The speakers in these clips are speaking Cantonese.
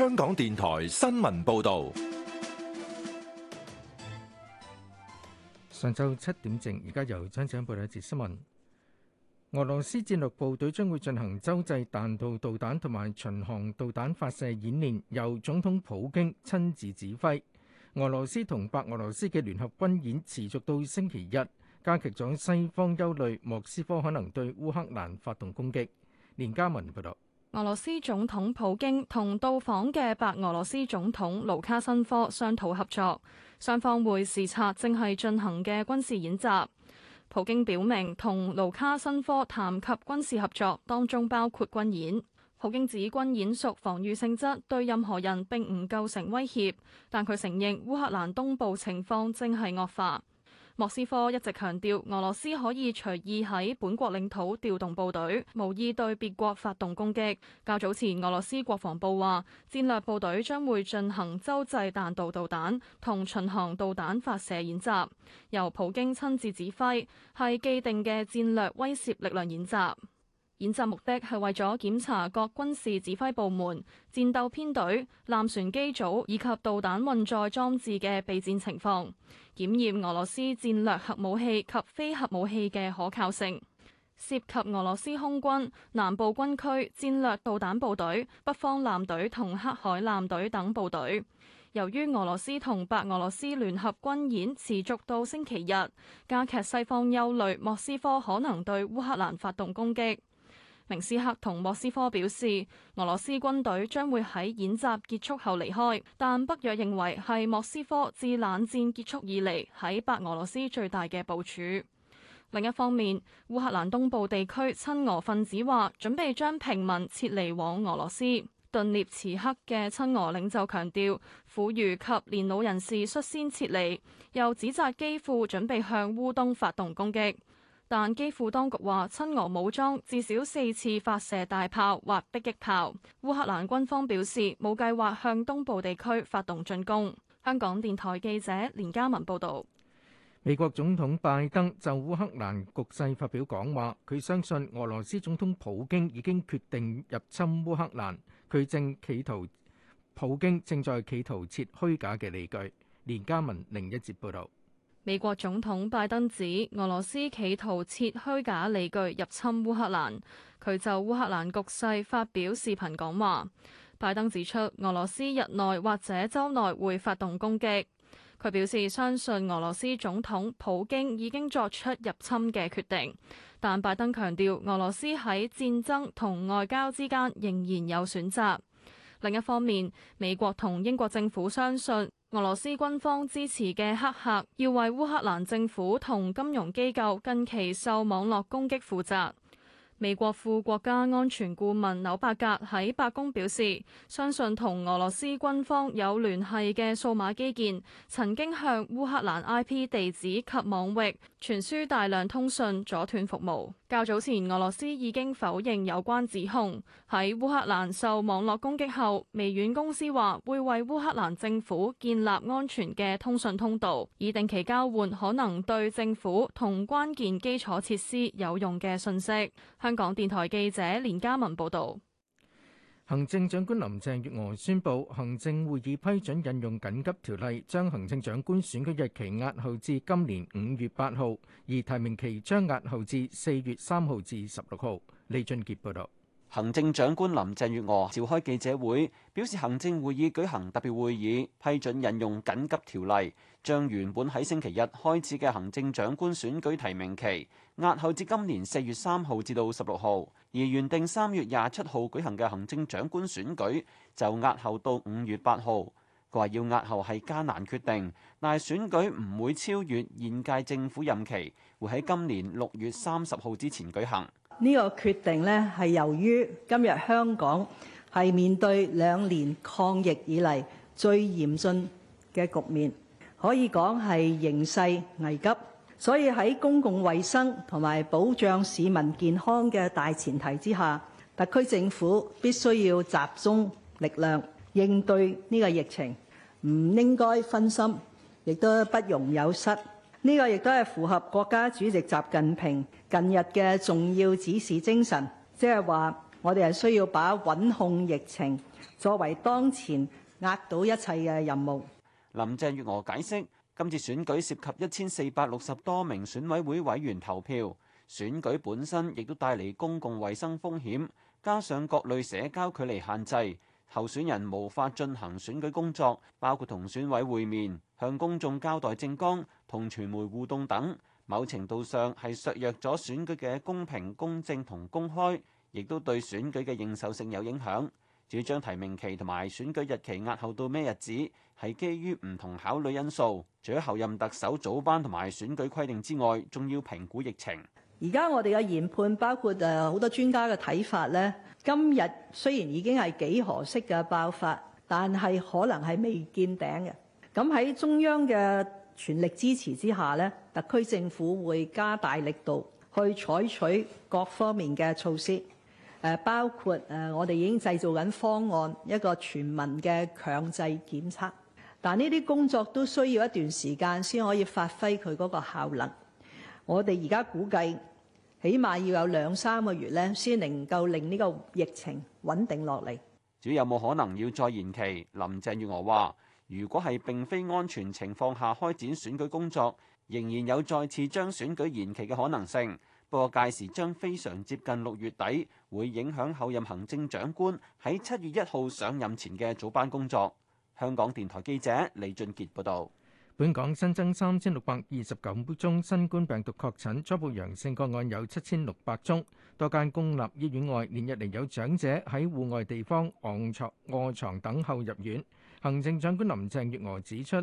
香港電台新聞報道，上晝七點正，而家由張展報道一節新聞。俄羅斯戰略部隊將會進行洲際彈道導彈同埋巡航導彈發射演練，由總統普京親自指揮。俄羅斯同白俄羅斯嘅聯合軍演持續到星期一，加劇咗西方憂慮，莫斯科可能對烏克蘭發動攻擊。連家文報道。俄羅斯總統普京同到訪嘅白俄羅斯總統盧卡申科商討合作，雙方會視察正係進行嘅軍事演習。普京表明同盧卡申科談及軍事合作當中包括軍演。普京指軍演屬防御性質，對任何人並唔構成威脅，但佢承認烏克蘭東部情況正係惡化。莫斯科一直強調，俄羅斯可以隨意喺本國領土調動部隊，無意對別國發動攻擊。較早前，俄羅斯國防部話，戰略部隊將會進行洲際彈道導彈同巡航導彈發射演習，由普京親自指揮，係既定嘅戰略威懾力量演習。演習目的係為咗檢查各軍事指揮部門、戰鬥編隊、艦船機組以及導彈運載裝置嘅備戰情況，檢驗俄羅斯戰略核武器及非核武器嘅可靠性。涉及俄羅斯空軍、南部軍區戰略導彈部隊、北方艦隊同黑海艦隊等部隊。由於俄羅斯同白俄羅斯聯合軍演持續到星期日，加劇西方憂慮，莫斯科可能對烏克蘭發動攻擊。明斯克同莫斯科表示，俄羅斯軍隊將會喺演習結束後離開，但北約認為係莫斯科自冷戰結束以嚟喺白俄羅斯最大嘅部署。另一方面，烏克蘭東部地區親俄分子話，準備將平民撤離往俄羅斯。頓涅茨克嘅親俄領袖強調，婦孺及年老人士率先撤離，又指責基輔準備向烏東發動攻擊。但基輔當局話，親俄武裝至少四次發射大炮或迫擊炮。烏克蘭軍方表示，冇計劃向東部地區發動進攻。香港電台記者連嘉文報道，美國總統拜登就烏克蘭局勢發表講話，佢相信俄羅斯總統普京已經決定入侵烏克蘭，佢正企圖普京正在企圖設虛假嘅理據。連嘉文另一節報導。美國總統拜登指俄羅斯企圖設虛假理據入侵烏克蘭，佢就烏克蘭局勢發表視頻講話。拜登指出，俄羅斯日內或者周內會發動攻擊。佢表示相信俄羅斯總統普京已經作出入侵嘅決定，但拜登強調俄羅斯喺戰爭同外交之間仍然有選擇。另一方面，美國同英國政府相信，俄羅斯軍方支持嘅黑客要為烏克蘭政府同金融機構近期受網絡攻擊負責。美國副國家安全顧問紐伯格喺白宮表示，相信同俄羅斯軍方有聯繫嘅數碼基建曾經向烏克蘭 IP 地址及網域傳輸大量通訊，阻斷服務。較早前俄羅斯已經否認有關指控。喺烏克蘭受網絡攻擊後，微軟公司話會為烏克蘭政府建立安全嘅通訊通道，以定期交換可能對政府同關鍵基礎設施有用嘅信息。香港電台記者連嘉文報道，行政長官林鄭月娥宣布，行政會議批准引用緊急條例，將行政長官選舉日期押後至今年五月八號，而提名期將押後至四月三號至十六號。李俊杰報道。行政長官林鄭月娥召開記者會，表示行政會議舉行特別會議，批准引用緊急條例，將原本喺星期日開始嘅行政長官選舉提名期押後至今年四月三號至到十六號，而原定三月廿七號舉行嘅行政長官選舉就押後到五月八號。佢話要押後係艱難決定，但係選舉唔會超越現屆政府任期，會喺今年六月三十號之前舉行。呢個決定呢，係由於今日香港係面對兩年抗疫以嚟最嚴峻嘅局面，可以講係形勢危急。所以喺公共衛生同埋保障市民健康嘅大前提之下，特區政府必須要集中力量應對呢個疫情，唔應該分心，亦都不容有失。呢個亦都係符合國家主席習近平近日嘅重要指示精神，即係話，我哋係需要把穩控疫情作為當前壓倒一切嘅任務。林鄭月娥解釋，今次選舉涉及一千四百六十多名選委會委員投票，選舉本身亦都帶嚟公共衛生風險，加上各類社交距離限制，候選人無法進行選舉工作，包括同選委會面、向公眾交代政綱、同傳媒互動等。某程度上係削弱咗選舉嘅公平、公正同公開，亦都對選舉嘅認受性有影響。主張提名期同埋選舉日期押後到咩日子，係基於唔同考慮因素，除咗候任特首組班同埋選舉規定之外，仲要評估疫情。而家我哋嘅研判包括誒好多專家嘅睇法咧。今日雖然已經係幾何式嘅爆發，但係可能係未見頂嘅。咁喺中央嘅，全力支持之下咧，特區政府會加大力度去採取各方面嘅措施，誒包括誒我哋已經製造緊方案，一個全民嘅強制檢測。但呢啲工作都需要一段時間先可以發揮佢嗰個效能。我哋而家估計起碼要有兩三個月咧，先能夠令呢個疫情穩定落嚟。至於有冇可能要再延期，林鄭月娥話。如果係並非安全情況下開展選舉工作，仍然有再次將選舉延期嘅可能性。不過屆時將非常接近六月底，會影響後任行政長官喺七月一號上任前嘅早班工作。香港電台記者李俊傑報道，本港新增三千六百二十九宗新冠病毒確診，初步陽性個案有七千六百宗。多間公立醫院外連日嚟有長者喺戶外地方昂牀、卧牀等候入院。行政長官林鄭月娥指出，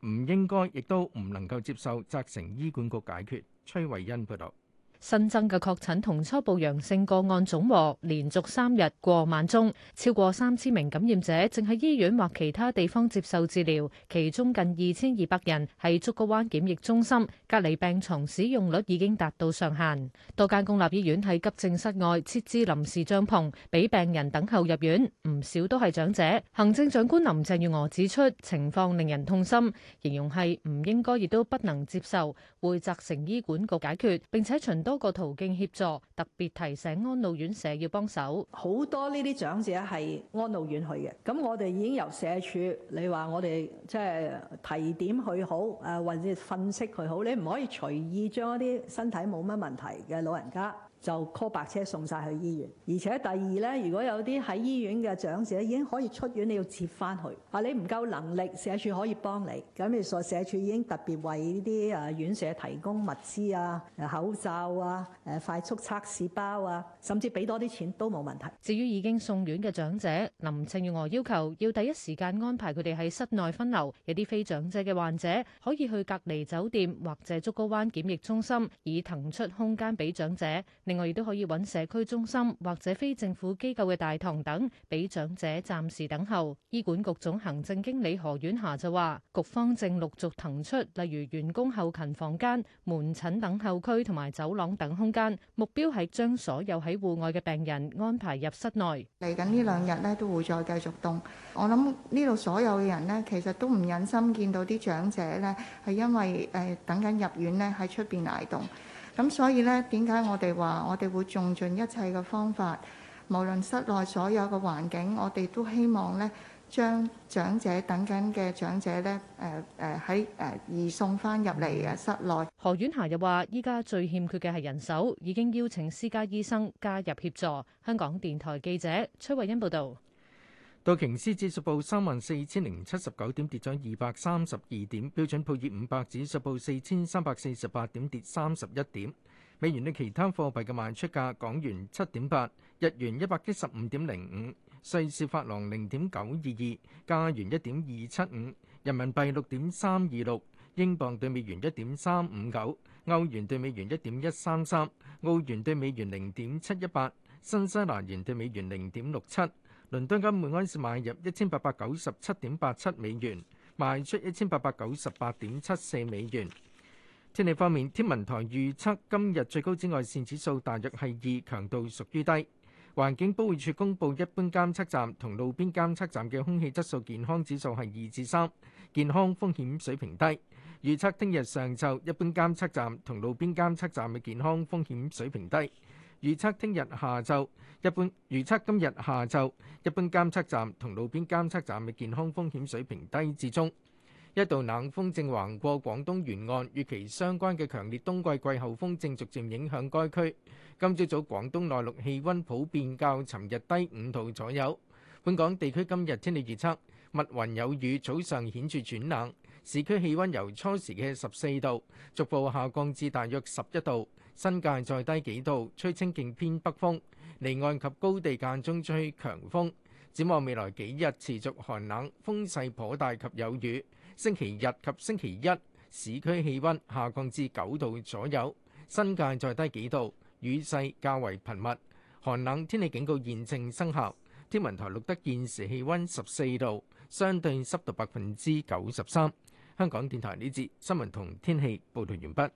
唔應該，亦都唔能夠接受責成醫管局解決。崔慧欣報導。新增嘅確診同初步陽性個案總和連續三日過萬宗，超過三千名感染者正喺醫院或其他地方接受治療，其中近二千二百人喺竹篙灣檢疫中心隔離，病牀使用率已經達到上限。多間公立醫院喺急症室外設置臨時帳篷，俾病人等候入院，唔少都係長者。行政長官林鄭月娥指出，情況令人痛心，形容係唔應該亦都不能接受，會責成醫管局解決並且循多個途徑協助，特別提醒安老院舍要幫手。好多呢啲長者係安老院去嘅，咁我哋已經由社署，你話我哋即係提點佢好，誒或者訓斥佢好，你唔可以隨意將一啲身體冇乜問題嘅老人家。就 call 白車送晒去醫院。而且第二呢，如果有啲喺醫院嘅長者已經可以出院，你要接翻去。啊，你唔夠能力，社署可以幫你。咁譬如，所社署已經特別為呢啲誒院舍提供物資啊、啊口罩啊、誒、啊、快速測試包啊，甚至俾多啲錢都冇問題。至於已經送院嘅長者，林鄭月娥要求要第一時間安排佢哋喺室內分流。有啲非長者嘅患者可以去隔離酒店或者竹篙灣檢疫中心，以騰出空間俾長者。另外，亦都可以揾社區中心或者非政府機構嘅大堂等，俾長者暫時等候。醫管局總行政經理何婉霞就話，局方正陸續騰出，例如員工後勤房間、門診等候區同埋走廊等空間，目標係將所有喺戶外嘅病人安排入室內。嚟緊呢兩日咧都會再繼續凍。我諗呢度所有嘅人咧，其實都唔忍心見到啲長者呢，係因為誒等緊入院咧喺出邊捱凍。咁所以咧，點解我哋話我哋會用盡一切嘅方法，無論室內所有嘅環境，我哋都希望咧，將長者等緊嘅長者咧，誒誒喺誒移送翻入嚟嘅室內。何婉霞又話，依家最欠缺嘅係人手，已經邀請私家醫生加入協助。香港電台記者崔慧欣報道。道瓊斯指數報三萬四千零七十九點，跌咗二百三十二點。標準普爾五百指數報四千三百四十八點，跌三十一點。美元對其他貨幣嘅賣出價：港元七點八，日元一百一十五點零五，瑞士法郎零點九二二，加元一點二七五，人民幣六點三二六，英鎊對美元一點三五九，歐元對美元一點一三三，澳元對美元零點七一八，新西蘭元對美元零點六七。倫敦金每安士買入一千八百九十七點八七美元，賣出一千八百九十八點七四美元。天氣方面，天文台預測今日最高紫外線指數大約係二，強度屬於低。環境保護署公布，一般監測站同路邊監測站嘅空氣質素健康指數係二至三，健康風險水平低。預測聽日上晝一般監測站同路邊監測站嘅健康風險水平低。預測聽日下晝，一般預測今日下晝，一般監測站同路邊監測站嘅健康風險水平低至中。一道冷風正橫過廣東沿岸，與其相關嘅強烈冬季季候風正逐漸影響該區。今朝早廣東內陸氣温普遍較尋日低五度左右。本港地區今日天氣預測：密雲有雨，早上顯著轉冷。市區氣溫由初時嘅十四度逐步下降至大約十一度。新界再低幾度，吹清勁偏北風，離岸及高地間中吹強風。展望未來幾日持續寒冷，風勢頗大及有雨。星期日及星期一市區氣温下降至九度左右，新界再低幾度，雨勢較為頻密。寒冷天氣警告現正生效。天文台錄得現時氣温十四度，相對濕度百分之九十三。香港電台呢節新聞同天氣報道完畢。